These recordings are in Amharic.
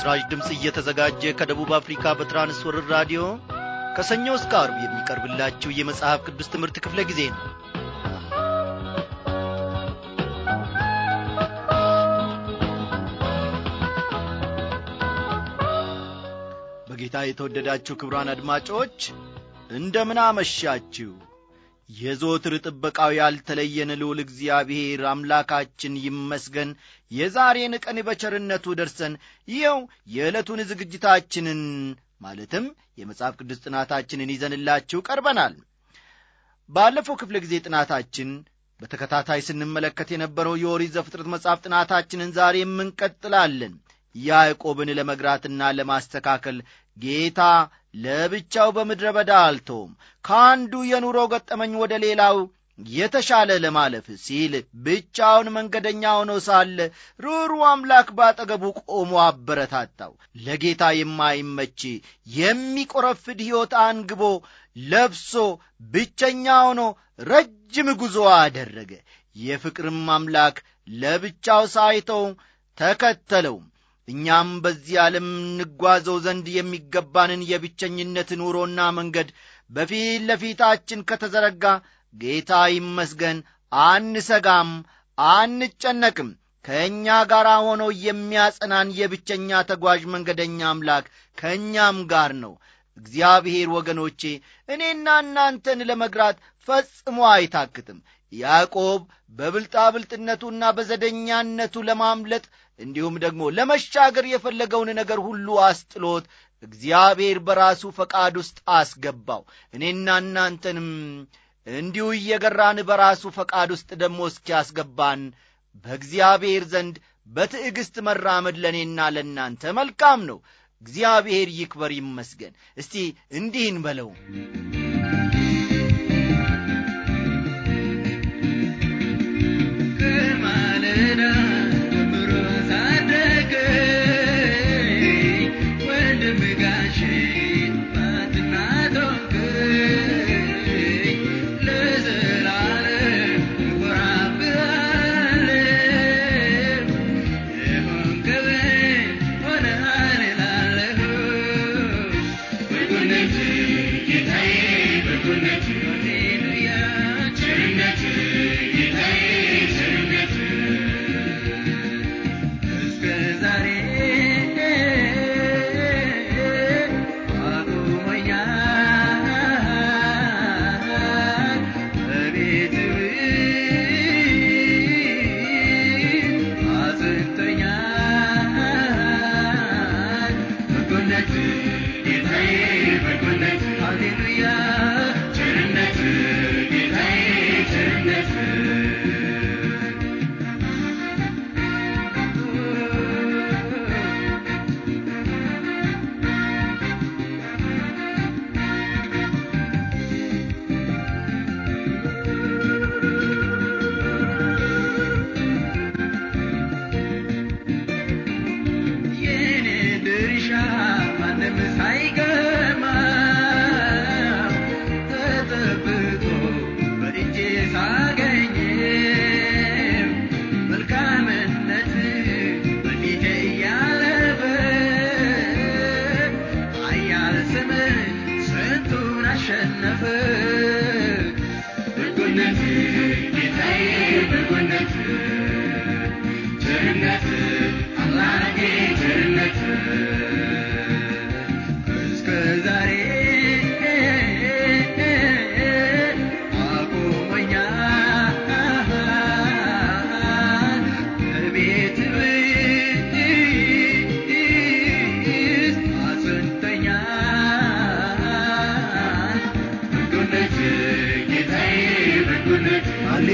ለምስራች ድምፅ እየተዘጋጀ ከደቡብ አፍሪካ በትራንስወርር ራዲዮ ከሰኞ እስከ አርብ የሚቀርብላችሁ የመጽሐፍ ቅዱስ ትምህርት ክፍለ ጊዜ ነው። በጌታ የተወደዳችሁ ክብራን አድማጮች እንደምን አመሻችሁ። የዘወትር ጥበቃው ያልተለየን ልዑል እግዚአብሔር አምላካችን ይመስገን። የዛሬን ቀን በቸርነቱ ደርሰን ይኸው የዕለቱን ዝግጅታችንን ማለትም የመጽሐፍ ቅዱስ ጥናታችንን ይዘንላችሁ ቀርበናል። ባለፈው ክፍለ ጊዜ ጥናታችን በተከታታይ ስንመለከት የነበረው የኦሪት ዘፍጥረት መጽሐፍ ጥናታችንን ዛሬም እንቀጥላለን። ያዕቆብን ለመግራትና ለማስተካከል ጌታ ለብቻው በምድረ በዳ አልተውም። ከአንዱ የኑሮ ገጠመኝ ወደ ሌላው የተሻለ ለማለፍ ሲል ብቻውን መንገደኛ ሆኖ ሳለ ሩሩ አምላክ ባጠገቡ ቆሞ አበረታታው። ለጌታ የማይመች የሚቆረፍድ ሕይወት አንግቦ ለብሶ ብቸኛ ሆኖ ረጅም ጉዞ አደረገ። የፍቅርም አምላክ ለብቻው ሳይተው ተከተለውም። እኛም በዚህ ዓለም እንጓዘው ዘንድ የሚገባንን የብቸኝነት ኑሮና መንገድ በፊት ለፊታችን ከተዘረጋ ጌታ ይመስገን አንሰጋም፣ አንጨነቅም። ከእኛ ጋር ሆኖ የሚያጸናን የብቸኛ ተጓዥ መንገደኛ አምላክ ከእኛም ጋር ነው። እግዚአብሔር ወገኖቼ እኔና እናንተን ለመግራት ፈጽሞ አይታክትም። ያዕቆብ በብልጣብልጥነቱና በዘደኛነቱ ለማምለጥ እንዲሁም ደግሞ ለመሻገር የፈለገውን ነገር ሁሉ አስጥሎት እግዚአብሔር በራሱ ፈቃድ ውስጥ አስገባው። እኔና እናንተንም እንዲሁ እየገራን በራሱ ፈቃድ ውስጥ ደግሞ እስኪያስገባን በእግዚአብሔር ዘንድ በትዕግሥት መራመድ ለእኔና ለእናንተ መልካም ነው። እግዚአብሔር ይክበር ይመስገን። እስቲ እንዲህን በለው። Oh.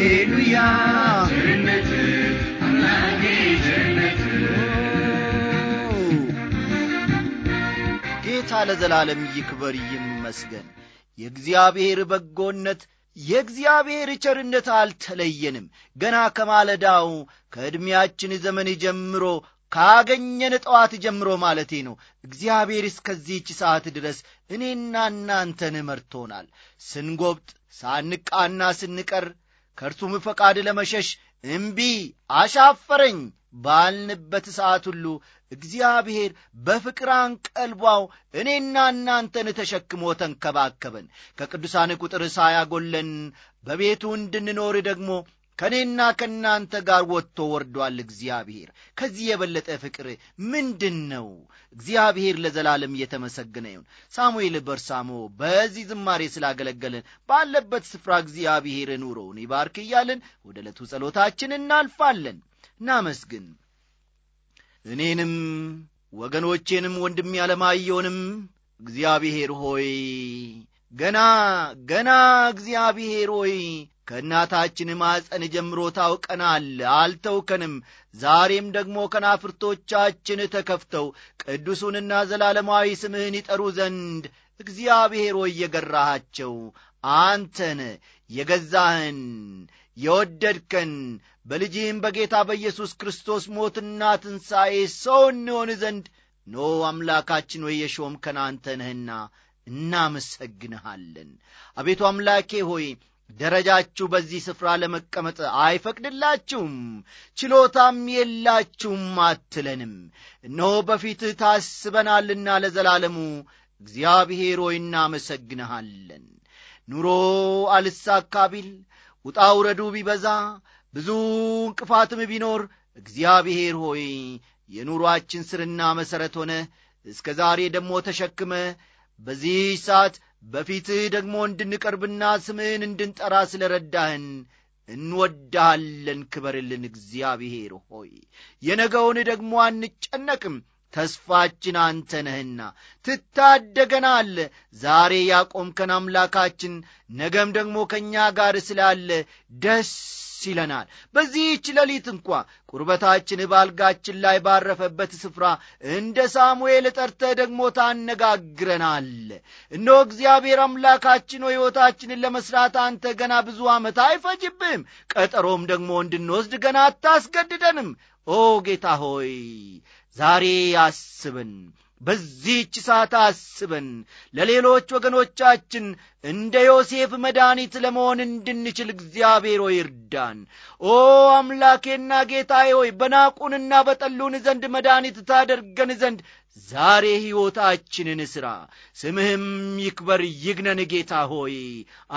ጌታ ለዘላለም ይክበር ይመስገን የእግዚአብሔር በጎነት የእግዚአብሔር ቸርነት አልተለየንም ገና ከማለዳው ከዕድሜያችን ዘመን ጀምሮ ካገኘን ጠዋት ጀምሮ ማለቴ ነው እግዚአብሔር እስከዚህች ሰዓት ድረስ እኔና እናንተን መርቶናል ስንጎብጥ ሳንቃና ስንቀር ከእርሱም ፈቃድ ለመሸሽ እምቢ አሻፈረኝ ባልንበት ሰዓት ሁሉ እግዚአብሔር በፍቅር አንቀልቧው እኔና እናንተን ተሸክሞ ተንከባከበን። ከቅዱሳን ቁጥር ሳያጎለን በቤቱ እንድንኖር ደግሞ ከእኔና ከእናንተ ጋር ወጥቶ ወርዷል። እግዚአብሔር ከዚህ የበለጠ ፍቅር ምንድን ነው? እግዚአብሔር ለዘላለም እየተመሰገነ ይሁን። ሳሙኤል በርሳሞ በዚህ ዝማሬ ስላገለገለን ባለበት ስፍራ እግዚአብሔር ኑሮውን ይባርክ እያልን ወደ ዕለቱ ጸሎታችን እናልፋለን። እናመስግን። እኔንም ወገኖቼንም ወንድም ያለማየውንም እግዚአብሔር ሆይ ገና ገና እግዚአብሔር ሆይ ከእናታችን ማፀን ጀምሮ ታውቀናል፣ አልተውከንም። ዛሬም ደግሞ ከናፍርቶቻችን ተከፍተው ቅዱሱንና ዘላለማዊ ስምህን ይጠሩ ዘንድ እግዚአብሔር ሆይ የገራሃቸው አንተን የገዛህን የወደድከን በልጅህም በጌታ በኢየሱስ ክርስቶስ ሞትና ትንሣኤ ሰው እንሆን ዘንድ ኖ አምላካችን ወይ የሾም ከናንተ ነህና እናመሰግንሃለን። አቤቱ አምላኬ ሆይ ደረጃችሁ በዚህ ስፍራ ለመቀመጥ አይፈቅድላችሁም፣ ችሎታም የላችሁም አትለንም። እነሆ በፊትህ ታስበናልና ለዘላለሙ እግዚአብሔር ሆይ እናመሰግንሃለን። ኑሮ አልሳካ ቢል፣ ውጣ ውረዱ ቢበዛ፣ ብዙ እንቅፋትም ቢኖር እግዚአብሔር ሆይ የኑሮአችን ስርና መሠረት ሆነ እስከ ዛሬ ደግሞ ተሸክመ በዚህ ሰዓት በፊትህ ደግሞ እንድንቀርብና ስምህን እንድንጠራ ስለ ረዳህን እንወዳሃለን ክበርልን እግዚአብሔር ሆይ የነገውን ደግሞ አንጨነቅም ተስፋችን አንተ ነህና ትታደገናል። ዛሬ ያቆምከን አምላካችን ነገም ደግሞ ከእኛ ጋር ስላለ ደስ ይለናል። በዚህች ሌሊት እንኳ ቁርበታችን ባልጋችን ላይ ባረፈበት ስፍራ እንደ ሳሙኤል ጠርተህ ደግሞ ታነጋግረናል። እነሆ እግዚአብሔር አምላካችን ሕይወታችንን ለመሥራት አንተ ገና ብዙ ዓመት አይፈጅብህም፣ ቀጠሮም ደግሞ እንድንወስድ ገና አታስገድደንም። ኦ ጌታ ሆይ ዛሬ አስበን በዚህች ሰዓት አስበን ለሌሎች ወገኖቻችን እንደ ዮሴፍ መድኃኒት ለመሆን እንድንችል እግዚአብሔር ሆይ እርዳን። ኦ አምላኬና ጌታዬ ሆይ በናቁንና በጠሉን ዘንድ መድኃኒት ታደርገን ዘንድ ዛሬ ሕይወታችንን ሥራ፣ ስምህም ይክበር ይግነን። ጌታ ሆይ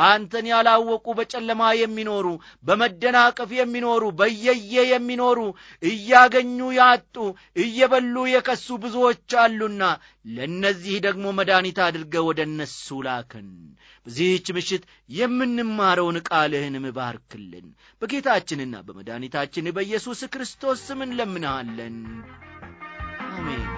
አንተን ያላወቁ በጨለማ የሚኖሩ በመደናቀፍ የሚኖሩ በየየ የሚኖሩ እያገኙ ያጡ እየበሉ የከሱ ብዙዎች አሉና ለእነዚህ ደግሞ መድኃኒት አድርገ ወደ እነሱ ላክን። በዚህች ምሽት የምንማረውን ቃልህን ምባርክልን። በጌታችንና በመድኃኒታችን በኢየሱስ ክርስቶስ ስም እንለምንሃለን። አሜን።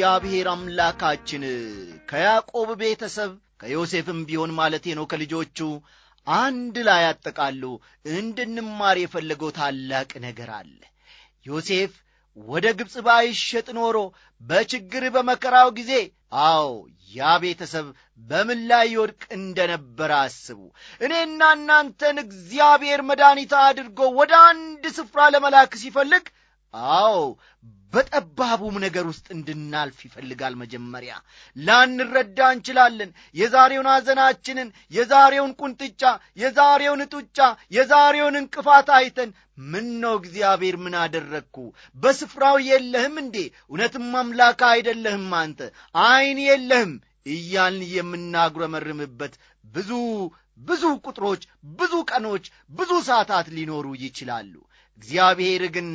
እግዚአብሔር አምላካችን ከያዕቆብ ቤተሰብ ከዮሴፍም ቢሆን ማለቴ ነው ከልጆቹ አንድ ላይ ያጠቃሉ እንድንማር የፈለገው ታላቅ ነገር አለ። ዮሴፍ ወደ ግብፅ ባይሸጥ ኖሮ በችግር በመከራው ጊዜ አዎ ያ ቤተሰብ በምን ላይ ይወድቅ እንደነበረ አስቡ። እኔና እናንተን እግዚአብሔር መድኒታ አድርጎ ወደ አንድ ስፍራ ለመላክ ሲፈልግ አዎ በጠባቡም ነገር ውስጥ እንድናልፍ ይፈልጋል። መጀመሪያ ላንረዳ እንችላለን። የዛሬውን አዘናችንን፣ የዛሬውን ቁንጥጫ፣ የዛሬውን ጡጫ፣ የዛሬውን እንቅፋት አይተን ምን ነው እግዚአብሔር ምን አደረግኩ? በስፍራው የለህም እንዴ? እውነትም አምላክ አይደለህም አንተ፣ ዐይን የለህም እያልን የምናጉረመርምበት ብዙ ብዙ ቁጥሮች፣ ብዙ ቀኖች፣ ብዙ ሰዓታት ሊኖሩ ይችላሉ። እግዚአብሔር ግን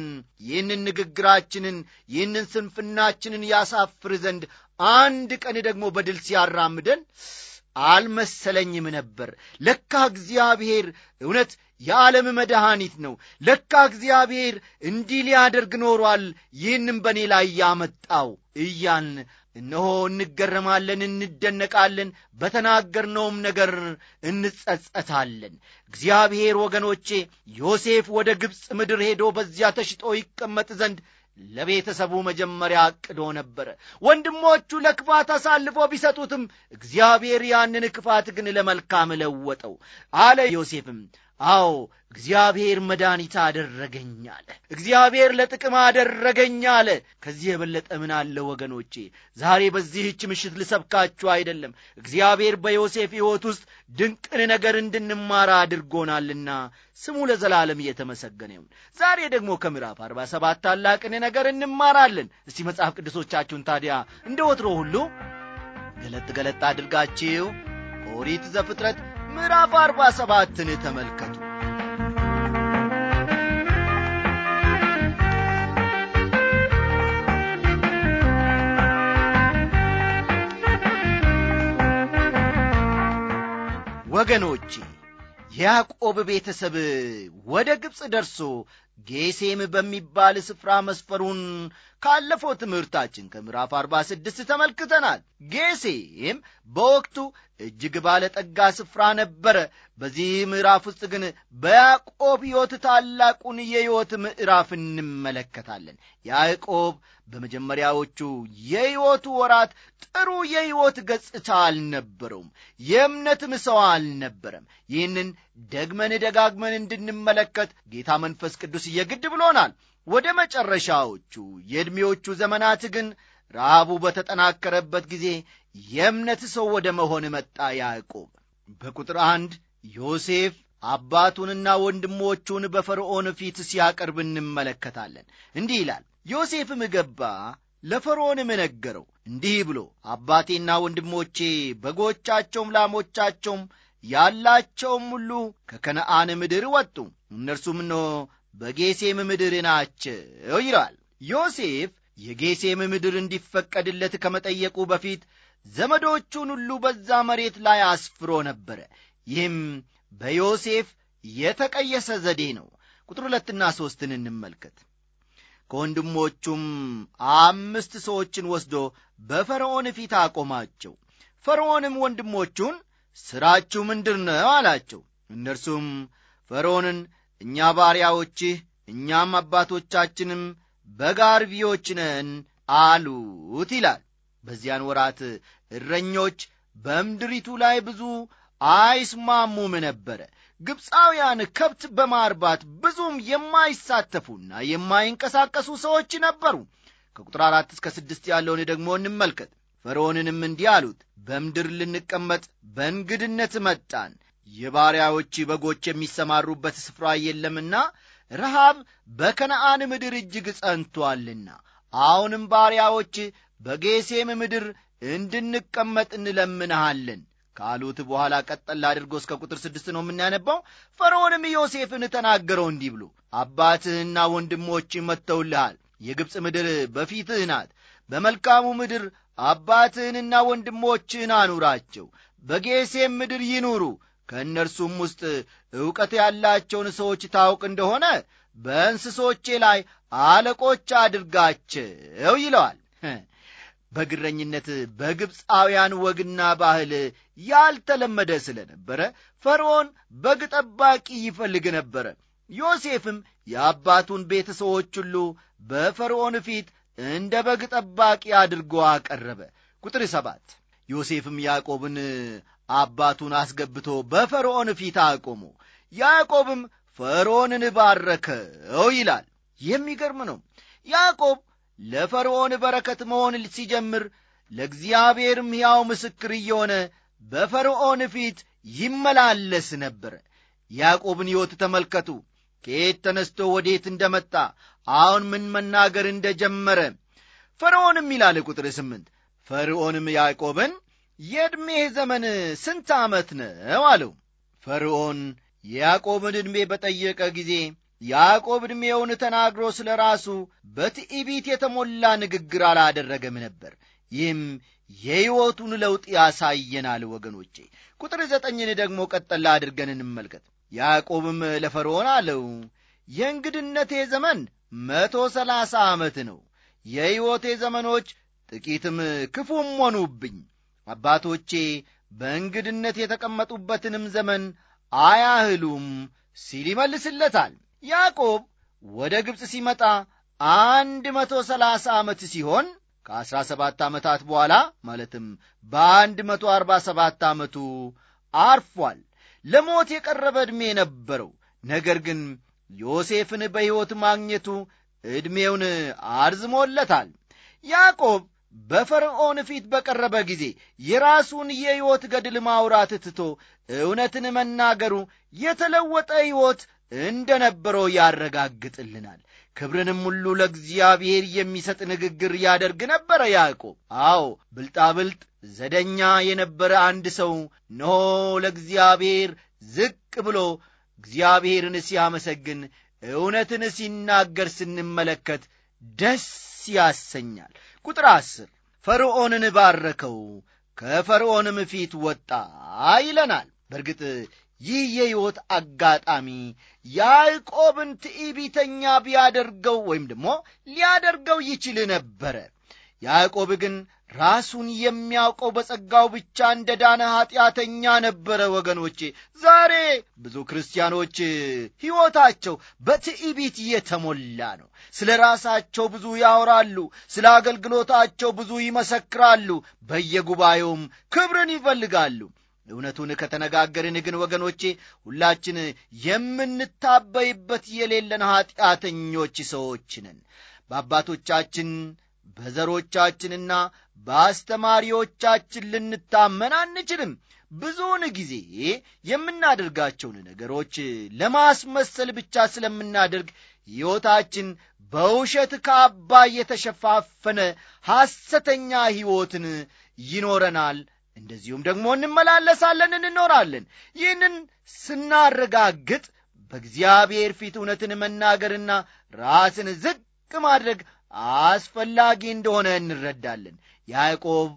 ይህንን ንግግራችንን ይህንን ስንፍናችንን ያሳፍር ዘንድ አንድ ቀን ደግሞ በድል ሲያራምደን አልመሰለኝም ነበር። ለካ እግዚአብሔር እውነት የዓለም መድኃኒት ነው። ለካ እግዚአብሔር እንዲህ ሊያደርግ ኖሯል፣ ይህንም በእኔ ላይ ያመጣው እያን እነሆ እንገረማለን፣ እንደነቃለን፣ በተናገርነውም ነገር እንጸጸታለን። እግዚአብሔር ወገኖቼ ዮሴፍ ወደ ግብፅ ምድር ሄዶ በዚያ ተሽጦ ይቀመጥ ዘንድ ለቤተሰቡ መጀመሪያ አቅዶ ነበረ። ወንድሞቹ ለክፋት አሳልፎ ቢሰጡትም እግዚአብሔር ያንን ክፋት ግን ለመልካም ለወጠው አለ ዮሴፍም አዎ እግዚአብሔር መድኃኒት አደረገኝ አለ። እግዚአብሔር ለጥቅም አደረገኝ አለ። ከዚህ የበለጠ ምን አለ ወገኖቼ? ዛሬ በዚህች ምሽት ልሰብካችሁ አይደለም። እግዚአብሔር በዮሴፍ ሕይወት ውስጥ ድንቅን ነገር እንድንማራ አድርጎናልና ስሙ ለዘላለም እየተመሰገነ ይሁን። ዛሬ ደግሞ ከምዕራፍ አርባ ሰባት ታላቅን ነገር እንማራለን። እስቲ መጽሐፍ ቅዱሶቻችሁን ታዲያ እንደ ወትሮ ሁሉ ገለጥ ገለጥ አድርጋችሁ ኦሪት ዘፍጥረት ምዕራፍ አርባ ሰባትን ተመልከቱ ወገኖቼ ያዕቆብ ቤተሰብ ወደ ግብፅ ደርሶ ጌሴም በሚባል ስፍራ መስፈሩን ካለፈው ትምህርታችን ከምዕራፍ 46 ተመልክተናል። ጌሴም በወቅቱ እጅግ ባለጠጋ ስፍራ ነበረ። በዚህ ምዕራፍ ውስጥ ግን በያዕቆብ ሕይወት ታላቁን የሕይወት ምዕራፍ እንመለከታለን። ያዕቆብ በመጀመሪያዎቹ የሕይወቱ ወራት ጥሩ የሕይወት ገጽታ አልነበረውም። የእምነትም ሰው አልነበረም። ይህንን ደግመን ደጋግመን እንድንመለከት ጌታ መንፈስ ቅዱስ የግድ ብሎናል። ወደ መጨረሻዎቹ የዕድሜዎቹ ዘመናት ግን ረሃቡ በተጠናከረበት ጊዜ የእምነት ሰው ወደ መሆን መጣ። ያዕቆብ በቁጥር አንድ ዮሴፍ አባቱንና ወንድሞቹን በፈርዖን ፊት ሲያቀርብ እንመለከታለን። እንዲህ ይላል፣ ዮሴፍም ገባ ለፈርዖንም ነገረው እንዲህ ብሎ አባቴና ወንድሞቼ በጎቻቸውም ላሞቻቸውም ያላቸውም ሁሉ ከከነአን ምድር ወጡ። እነርሱም እነሆ በጌሴም ምድር ናቸው ይለዋል። ዮሴፍ የጌሴም ምድር እንዲፈቀድለት ከመጠየቁ በፊት ዘመዶቹን ሁሉ በዛ መሬት ላይ አስፍሮ ነበረ። ይህም በዮሴፍ የተቀየሰ ዘዴ ነው። ቁጥር ሁለትና ሦስትን እንመልከት። ከወንድሞቹም አምስት ሰዎችን ወስዶ በፈርዖን ፊት አቆማቸው። ፈርዖንም ወንድሞቹን ሥራችሁ ምንድር ነው አላቸው። እነርሱም ፈርዖንን እኛ ባሪያዎችህ እኛም አባቶቻችንም በጋርቢዎች ነን አሉት ይላል። በዚያን ወራት እረኞች በምድሪቱ ላይ ብዙ አይስማሙም ነበረ። ግብፃውያን ከብት በማርባት ብዙም የማይሳተፉና የማይንቀሳቀሱ ሰዎች ነበሩ። ከቁጥር አራት እስከ ስድስት ያለውን ደግሞ እንመልከት። ፈርዖንንም እንዲህ አሉት፣ በምድር ልንቀመጥ በእንግድነት መጣን የባሪያዎች በጎች የሚሰማሩበት ስፍራ የለምና ረሃብ በከነአን ምድር እጅግ ጸንቶአልና አሁንም ባሪያዎች በጌሴም ምድር እንድንቀመጥ እንለምንሃለን ካሉት በኋላ ቀጠል አድርጎ እስከ ቁጥር ስድስት ነው የምናነባው ፈርዖንም ዮሴፍን ተናገረው እንዲህ ብሎ አባትህና ወንድሞች መጥተውልሃል የግብፅ ምድር በፊትህ ናት በመልካሙ ምድር አባትህንና ወንድሞችህን አኑራቸው በጌሴም ምድር ይኑሩ ከእነርሱም ውስጥ ዕውቀት ያላቸውን ሰዎች ታውቅ እንደሆነ በእንስሶቼ ላይ አለቆች አድርጋቸው ይለዋል። በግረኝነት በግብፃውያን ወግና ባህል ያልተለመደ ስለነበረ ፈርዖን በግ ጠባቂ ይፈልግ ነበረ። ዮሴፍም የአባቱን ቤተ ሰዎች ሁሉ በፈርዖን ፊት እንደ በግ ጠባቂ አድርጎ አቀረበ። ቁጥር ሰባት ዮሴፍም ያዕቆብን አባቱን አስገብቶ በፈርዖን ፊት አቆሞ ያዕቆብም ፈርዖንን ባረከው ይላል። የሚገርም ነው። ያዕቆብ ለፈርዖን በረከት መሆን ሲጀምር ለእግዚአብሔርም ሕያው ምስክር እየሆነ በፈርዖን ፊት ይመላለስ ነበረ። ያዕቆብን ሕይወት ተመልከቱ። ከየት ተነስቶ ወዴት እንደመጣ አሁን ምን መናገር እንደጀመረ ፈርዖንም ይላል ቁጥር ስምንት ፈርዖንም ያዕቆብን የዕድሜህ ዘመን ስንት ዓመት ነው አለው። ፈርዖን የያዕቆብን ዕድሜ በጠየቀ ጊዜ ያዕቆብ ዕድሜውን ተናግሮ ስለ ራሱ በትዕቢት የተሞላ ንግግር አላደረገም ነበር። ይህም የሕይወቱን ለውጥ ያሳየናል። ወገኖቼ ቁጥር ዘጠኝን ደግሞ ቀጠላ አድርገን እንመልከት። ያዕቆብም ለፈርዖን አለው የእንግድነቴ ዘመን መቶ ሰላሳ ዓመት ነው። የሕይወቴ ዘመኖች ጥቂትም ክፉም ሆኑብኝ። አባቶቼ በእንግድነት የተቀመጡበትንም ዘመን አያህሉም ሲል ይመልስለታል። ያዕቆብ ወደ ግብፅ ሲመጣ አንድ መቶ ሰላሳ ዓመት ሲሆን ከአሥራ ሰባት ዓመታት በኋላ ማለትም በአንድ መቶ አርባ ሰባት ዓመቱ አርፏል። ለሞት የቀረበ ዕድሜ ነበረው። ነገር ግን ዮሴፍን በሕይወት ማግኘቱ ዕድሜውን አርዝሞለታል። ያዕቆብ በፈርዖን ፊት በቀረበ ጊዜ የራሱን የሕይወት ገድል ማውራት ትቶ እውነትን መናገሩ የተለወጠ ሕይወት እንደ ነበረው ያረጋግጥልናል። ክብርንም ሁሉ ለእግዚአብሔር የሚሰጥ ንግግር ያደርግ ነበረ ያዕቆብ። አዎ ብልጣብልጥ ዘደኛ የነበረ አንድ ሰው እነሆ ለእግዚአብሔር ዝቅ ብሎ እግዚአብሔርን ሲያመሰግን፣ እውነትን ሲናገር ስንመለከት ደስ ያሰኛል። ቁጥር ዐሥር ፈርዖንን ባረከው ከፈርዖንም ፊት ወጣ ይለናል። በርግጥ ይህ የሕይወት አጋጣሚ ያዕቆብን ትዕቢተኛ ቢያደርገው ወይም ደግሞ ሊያደርገው ይችል ነበረ። ያዕቆብ ግን ራሱን የሚያውቀው በጸጋው ብቻ እንደ ዳነ ኀጢአተኛ ነበረ። ወገኖቼ ዛሬ ብዙ ክርስቲያኖች ሕይወታቸው በትዕቢት እየተሞላ ነው። ስለ ራሳቸው ብዙ ያወራሉ፣ ስለ አገልግሎታቸው ብዙ ይመሰክራሉ፣ በየጉባኤውም ክብርን ይፈልጋሉ። እውነቱን ከተነጋገርን ግን ወገኖቼ ሁላችን የምንታበይበት የሌለን ኀጢአተኞች ሰዎች ነን። በአባቶቻችን በዘሮቻችንና በአስተማሪዎቻችን ልንታመን አንችልም። ብዙውን ጊዜ የምናደርጋቸውን ነገሮች ለማስመሰል ብቻ ስለምናደርግ ሕይወታችን በውሸት ካባ የተሸፋፈነ ሐሰተኛ ሕይወትን ይኖረናል። እንደዚሁም ደግሞ እንመላለሳለን፣ እንኖራለን። ይህንን ስናረጋግጥ በእግዚአብሔር ፊት እውነትን መናገርና ራስን ዝቅ ማድረግ አስፈላጊ እንደሆነ እንረዳለን። ያዕቆብ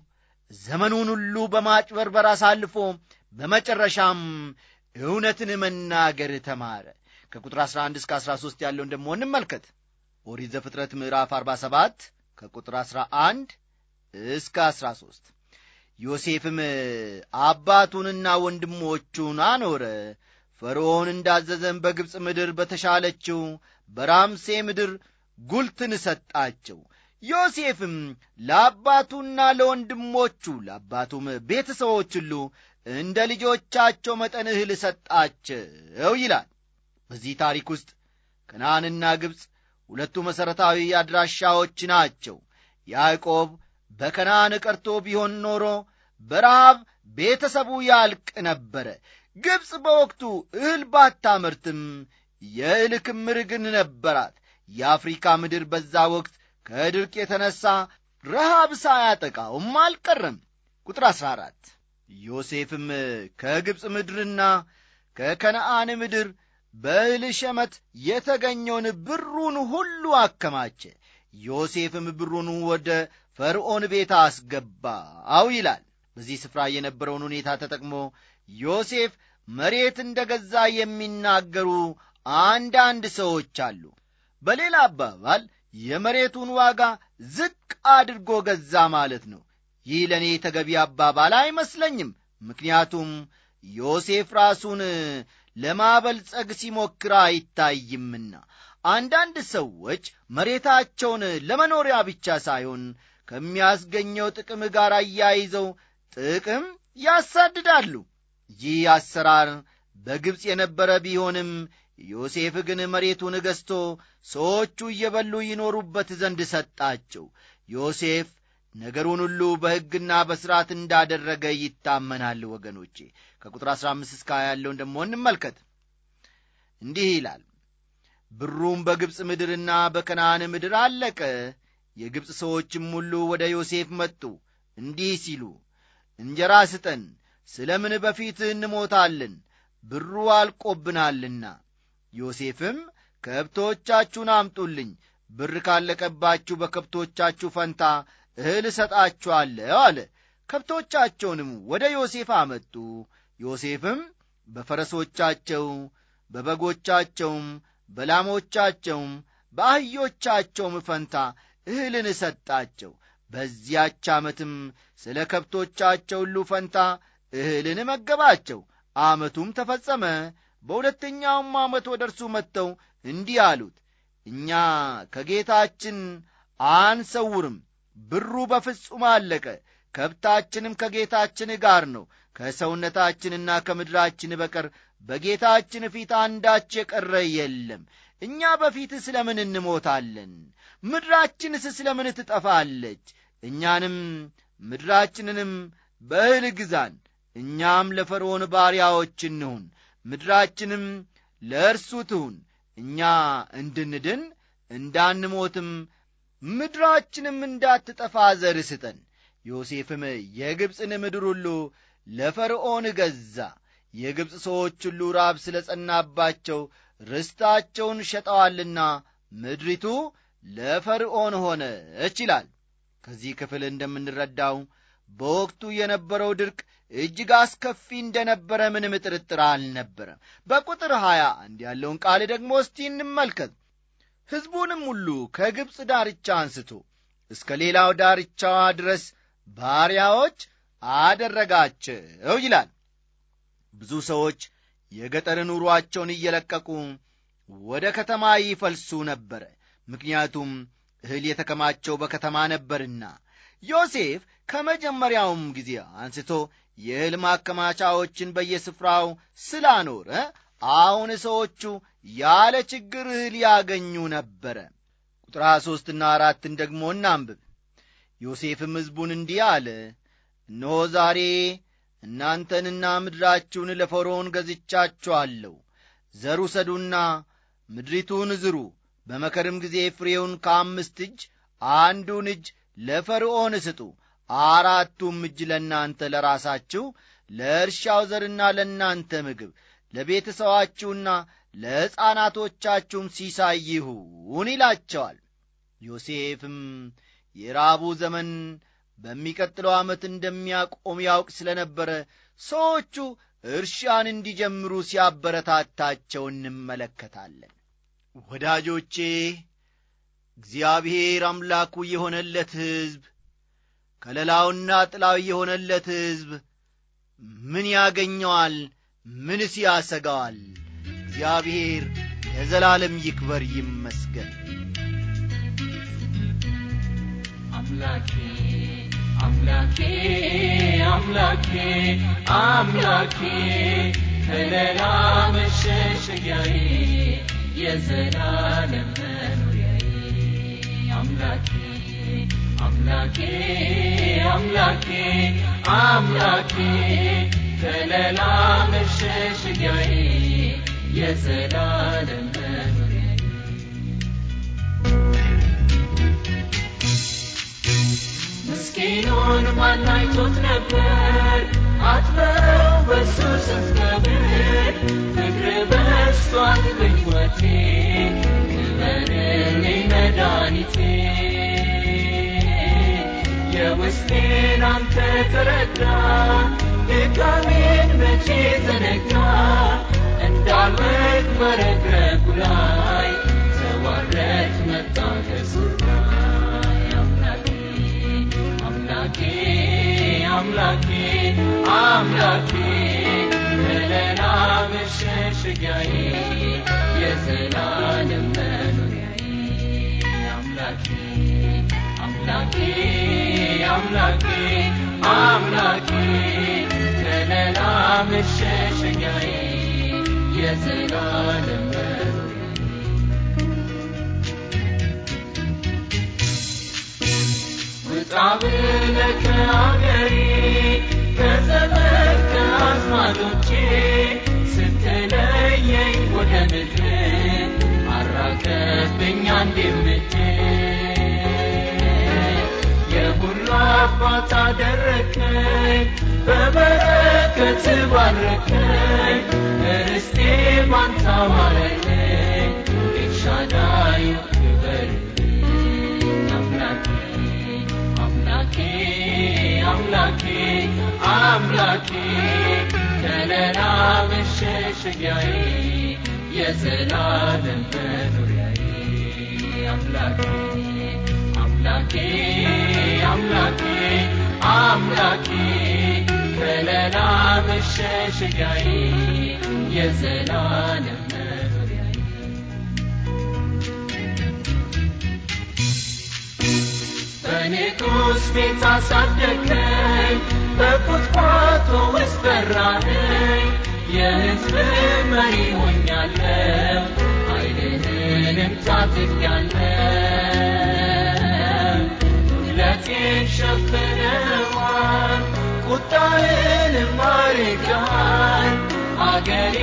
ዘመኑን ሁሉ በማጭበርበር አሳልፎ በመጨረሻም እውነትን መናገር ተማረ። ከቁጥር 11 እስከ 13 ያለውን ደግሞ እንመልከት። ኦሪት ዘፍጥረት ምዕራፍ 47 ከቁጥር 11 እስከ 13 ዮሴፍም አባቱንና ወንድሞቹን አኖረ። ፈርዖን እንዳዘዘም በግብፅ ምድር በተሻለችው በራምሴ ምድር ጉልትን ሰጣቸው። ዮሴፍም ለአባቱና ለወንድሞቹ ለአባቱም ቤተ ሰዎች ሁሉ እንደ ልጆቻቸው መጠን እህል ሰጣቸው ይላል። በዚህ ታሪክ ውስጥ ከነዓንና ግብፅ ሁለቱ መሠረታዊ አድራሻዎች ናቸው። ያዕቆብ በከናን ቀርቶ ቢሆን ኖሮ በረሃብ ቤተሰቡ ያልቅ ነበረ። ግብፅ በወቅቱ እህል ባታመርትም የእህል ክምር ግን ነበራት። የአፍሪካ ምድር በዛ ወቅት ከድርቅ የተነሳ ረሃብ ሳያጠቃውም አልቀረም። ቁጥር 14 ዮሴፍም ከግብፅ ምድርና ከከነአን ምድር በእህል ሸመት የተገኘውን ብሩን ሁሉ አከማቸ። ዮሴፍም ብሩን ወደ ፈርዖን ቤት አስገባው ይላል። በዚህ ስፍራ የነበረውን ሁኔታ ተጠቅሞ ዮሴፍ መሬት እንደ ገዛ የሚናገሩ አንዳንድ ሰዎች አሉ። በሌላ አባባል የመሬቱን ዋጋ ዝቅ አድርጎ ገዛ ማለት ነው። ይህ ለእኔ ተገቢ አባባል አይመስለኝም። ምክንያቱም ዮሴፍ ራሱን ለማበልጸግ ሲሞክር አይታይምና። አንዳንድ ሰዎች መሬታቸውን ለመኖሪያ ብቻ ሳይሆን ከሚያስገኘው ጥቅም ጋር አያይዘው ጥቅም ያሳድዳሉ። ይህ አሰራር በግብፅ የነበረ ቢሆንም ዮሴፍ ግን መሬቱን ገዝቶ ሰዎቹ እየበሉ ይኖሩበት ዘንድ ሰጣቸው። ዮሴፍ ነገሩን ሁሉ በሕግና በሥርዓት እንዳደረገ ይታመናል። ወገኖቼ ከቁጥር 15 እስከ 20 ያለውን ደሞ እንመልከት። እንዲህ ይላል፣ ብሩም በግብፅ ምድርና በከናን ምድር አለቀ። የግብፅ ሰዎችም ሁሉ ወደ ዮሴፍ መጡ እንዲህ ሲሉ፣ እንጀራ ስጠን፣ ስለ ምን በፊት እንሞታለን? ብሩ አልቆብናልና ዮሴፍም ከብቶቻችሁን አምጡልኝ፣ ብር ካለቀባችሁ በከብቶቻችሁ ፈንታ እህል እሰጣችኋለሁ አለ። ከብቶቻቸውንም ወደ ዮሴፍ አመጡ። ዮሴፍም በፈረሶቻቸው፣ በበጎቻቸውም፣ በላሞቻቸውም፣ በአህዮቻቸውም ፈንታ እህልን ሰጣቸው። በዚያች ዓመትም ስለ ከብቶቻቸው ሁሉ ፈንታ እህልን መገባቸው። ዓመቱም ተፈጸመ። በሁለተኛውም ዓመት ወደ እርሱ መጥተው እንዲህ አሉት እኛ ከጌታችን አንሰውርም ብሩ በፍጹም አለቀ ከብታችንም ከጌታችን ጋር ነው ከሰውነታችንና ከምድራችን በቀር በጌታችን ፊት አንዳች የቀረ የለም እኛ በፊት ስለምን እንሞታለን ምድራችንስ ስለምን ትጠፋለች እኛንም ምድራችንንም በእህል ግዛን እኛም ለፈርዖን ባሪያዎች እንሁን ምድራችንም ለእርሱ ትሁን እኛ እንድንድን እንዳንሞትም ምድራችንም እንዳትጠፋ ዘር ስጠን ዮሴፍም የግብፅን ምድር ሁሉ ለፈርዖን ገዛ የግብፅ ሰዎች ሁሉ ራብ ስለ ጸናባቸው ርስታቸውን ሸጠዋልና ምድሪቱ ለፈርዖን ሆነች ይላል ከዚህ ክፍል እንደምንረዳው በወቅቱ የነበረው ድርቅ እጅግ አስከፊ እንደነበረ ምንም ጥርጥር አልነበረም። በቁጥር ሀያ አንድ ያለውን ቃል ደግሞ እስቲ እንመልከት። ሕዝቡንም ሁሉ ከግብፅ ዳርቻ አንስቶ እስከ ሌላው ዳርቻዋ ድረስ ባሪያዎች አደረጋቸው ይላል። ብዙ ሰዎች የገጠር ኑሯቸውን እየለቀቁ ወደ ከተማ ይፈልሱ ነበረ። ምክንያቱም እህል የተከማቸው በከተማ ነበርና ዮሴፍ ከመጀመሪያውም ጊዜ አንስቶ የእህል ማከማቻዎችን በየስፍራው ስላኖረ አሁን ሰዎቹ ያለ ችግር እህል ያገኙ ነበረ። ቁጥራ ሦስትና አራትን ደግሞ እናንብብ። ዮሴፍም ሕዝቡን እንዲህ አለ፣ እነሆ ዛሬ እናንተንና ምድራችሁን ለፈርዖን ገዝቻችኋለሁ። ዘሩ ሰዱና ምድሪቱን ዝሩ፣ በመከርም ጊዜ ፍሬውን ከአምስት እጅ አንዱን እጅ ለፈርዖን ስጡ፣ አራቱም እጅ ለእናንተ ለራሳችሁ ለእርሻው ዘርና ለእናንተ ምግብ ለቤተሰዋችሁና ለሕፃናቶቻችሁም ሲሳይሁን ይላቸዋል። ዮሴፍም የራቡ ዘመን በሚቀጥለው ዓመት እንደሚያቆም ያውቅ ስለ ነበረ ሰዎቹ እርሻን እንዲጀምሩ ሲያበረታታቸው እንመለከታለን። ወዳጆቼ እግዚአብሔር አምላኩ የሆነለት ሕዝብ ከለላውና ጥላው የሆነለት ሕዝብ ምን ያገኘዋል? ምንስ ያሰጋዋል? እግዚአብሔር ለዘላለም ይክበር ይመስገን። አምላኬ አምላኬ አምላኬ ከለላ መሸሸጊያዬ የዘላለም አምላኬ አምላኬ አምላኬ አምላኬ ከለላ መሸሸጊያዬ የዘላለም ምስኪኑን አይቶት ነበር አትበው በሱ ስትከብር ፍቅር መድኃኒቴ የውስጤን ተረዳ ድካሜን መቼ ዘነጋ እንዳልወድ መረግረጉ ላይ ተዋረድ መጣ ከሱራ አምላኬ አምላኬ አምላኬ አምላኬ አምላኬ አምላኬ አምላኬ ከለላ መሸሸጊያዬ የዘላለም ውጣ ብለህ ከአገሬ ከጸጠት ከአዝማዶቼ ስትለየኝ ወደ ምድር አራቀብኝ አንዴም አባት አደረከኝ በበረከት ባረከኝ ርስቴ ባንተ ማረከኝ ኤልሻዳይ ክበር አምላኬ አምላኬ አምላኬ አምላኬ ከለላ መሸሸጊያዬ የዘላለም መኖሪያዬ አምላኬ አምላኬ አምላኬ አምላኬ ከለላ መሸሸጊያዬ የዘላለም በንጉሥ ቤት አሳደግከኝ በቁጥቋጦ ውስጥ መሪ ሐቄን ሸፍነዋል፣ ቁጣህን ማርካል። አገሬ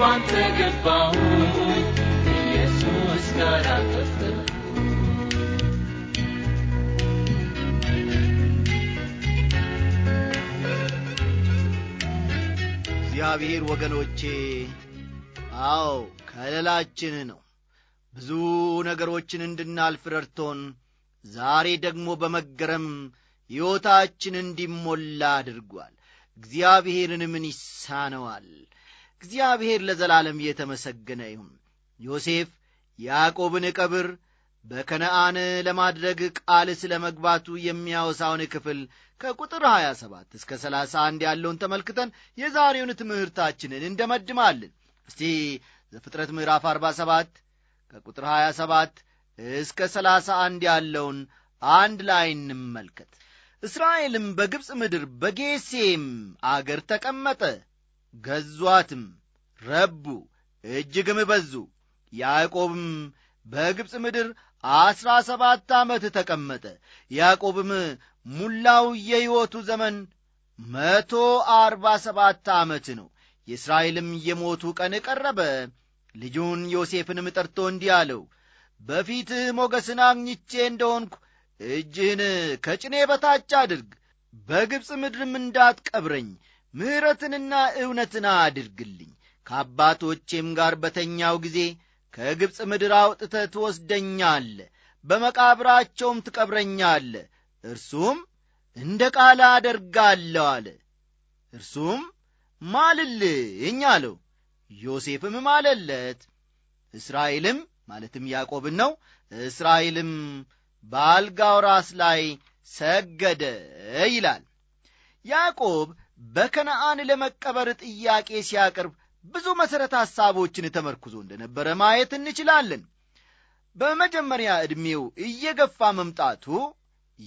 ባንተ ገባሁኝ ኢየሱስ ጋር አጠፍተው እግዚአብሔር ወገኖቼ አዎ ከለላችን ነው ብዙ ነገሮችን እንድናልፍ ረድቶን ዛሬ ደግሞ በመገረም ሕይወታችን እንዲሞላ አድርጓል። እግዚአብሔርን ምን ይሳነዋል? እግዚአብሔር ለዘላለም የተመሰገነ ይሁን። ዮሴፍ ያዕቆብን ቀብር በከነአን ለማድረግ ቃል ስለ መግባቱ የሚያወሳውን ክፍል ከቁጥር 27 እስከ 31 ያለውን ተመልክተን የዛሬውን ትምህርታችንን እንደመድማለን። እስቲ ዘፍጥረት ምዕራፍ 47 ከቁጥር 27 እስከ ሰላሳ አንድ ያለውን አንድ ላይ እንመልከት። እስራኤልም በግብፅ ምድር በጌሴም አገር ተቀመጠ፣ ገዟትም፣ ረቡ፣ እጅግም በዙ። ያዕቆብም በግብፅ ምድር አሥራ ሰባት ዓመት ተቀመጠ። ያዕቆብም ሙላው የሕይወቱ ዘመን መቶ አርባ ሰባት ዓመት ነው። የእስራኤልም የሞቱ ቀን ቀረበ። ልጁን ዮሴፍንም ጠርቶ እንዲህ አለው በፊትህ ሞገስን አግኝቼ እንደሆንኩ እጅህን ከጭኔ በታች አድርግ፣ በግብፅ ምድርም እንዳትቀብረኝ ምሕረትንና እውነትን አድርግልኝ። ከአባቶቼም ጋር በተኛው ጊዜ ከግብፅ ምድር አውጥተ ትወስደኛለ፣ በመቃብራቸውም ትቀብረኛለ። እርሱም እንደ ቃል አደርጋለሁ አለ። እርሱም ማልልኝ አለው። ዮሴፍም ማለለት። እስራኤልም ማለትም ያዕቆብን ነው እስራኤልም በአልጋው ራስ ላይ ሰገደ ይላል ያዕቆብ በከነአን ለመቀበር ጥያቄ ሲያቀርብ ብዙ መሠረተ ሐሳቦችን ተመርኩዞ እንደነበረ ማየት እንችላለን በመጀመሪያ ዕድሜው እየገፋ መምጣቱ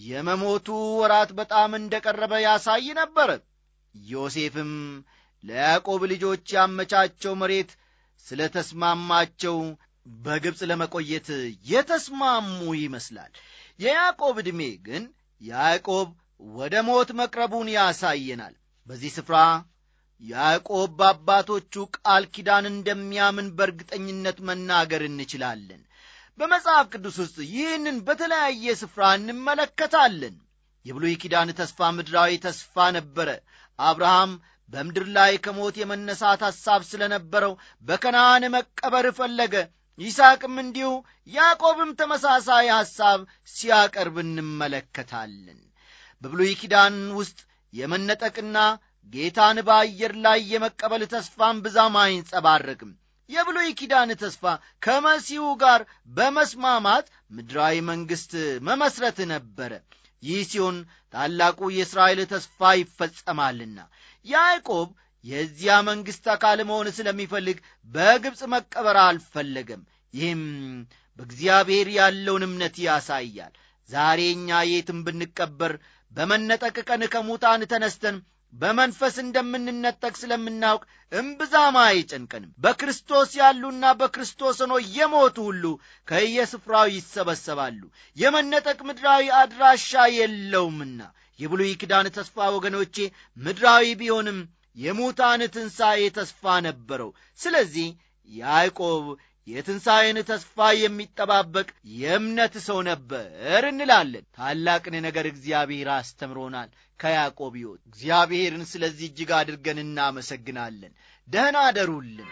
የመሞቱ ወራት በጣም እንደ ቀረበ ያሳይ ነበር ዮሴፍም ለያዕቆብ ልጆች ያመቻቸው መሬት ስለ ተስማማቸው በግብፅ ለመቆየት የተስማሙ ይመስላል። የያዕቆብ ዕድሜ ግን ያዕቆብ ወደ ሞት መቅረቡን ያሳየናል። በዚህ ስፍራ ያዕቆብ በአባቶቹ ቃል ኪዳን እንደሚያምን በእርግጠኝነት መናገር እንችላለን። በመጽሐፍ ቅዱስ ውስጥ ይህንን በተለያየ ስፍራ እንመለከታለን። የብሉይ ኪዳን ተስፋ ምድራዊ ተስፋ ነበረ። አብርሃም በምድር ላይ ከሞት የመነሳት ሐሳብ ስለ ነበረው በከናን መቀበር ፈለገ። ይስሐቅም እንዲሁ ያዕቆብም ተመሳሳይ ሐሳብ ሲያቀርብ እንመለከታለን። በብሉይ ኪዳን ውስጥ የመነጠቅና ጌታን በአየር ላይ የመቀበል ተስፋን ብዛም አይንጸባረቅም። የብሉይ ኪዳን ተስፋ ከመሲሁ ጋር በመስማማት ምድራዊ መንግሥት መመስረት ነበረ። ይህ ሲሆን ታላቁ የእስራኤል ተስፋ ይፈጸማልና ያዕቆብ የዚያ መንግሥት አካል መሆን ስለሚፈልግ በግብፅ መቀበር አልፈለገም። ይህም በእግዚአብሔር ያለውን እምነት ያሳያል። ዛሬ እኛ የትም ብንቀበር በመነጠቅ ቀን ከሙታን ተነስተን በመንፈስ እንደምንነጠቅ ስለምናውቅ እምብዛም አይጨንቀንም። በክርስቶስ ያሉና በክርስቶስ ሆኖ የሞቱ ሁሉ ከየስፍራው ይሰበሰባሉ። የመነጠቅ ምድራዊ አድራሻ የለውምና የብሉይ ኪዳን ተስፋ ወገኖቼ ምድራዊ ቢሆንም የሙታን ትንሣኤ ተስፋ ነበረው። ስለዚህ ያዕቆብ የትንሣኤን ተስፋ የሚጠባበቅ የእምነት ሰው ነበር እንላለን። ታላቅን ነገር እግዚአብሔር አስተምሮናል ከያዕቆብ ሕይወት። እግዚአብሔርን ስለዚህ እጅግ አድርገን እናመሰግናለን። ደህና አደሩልን።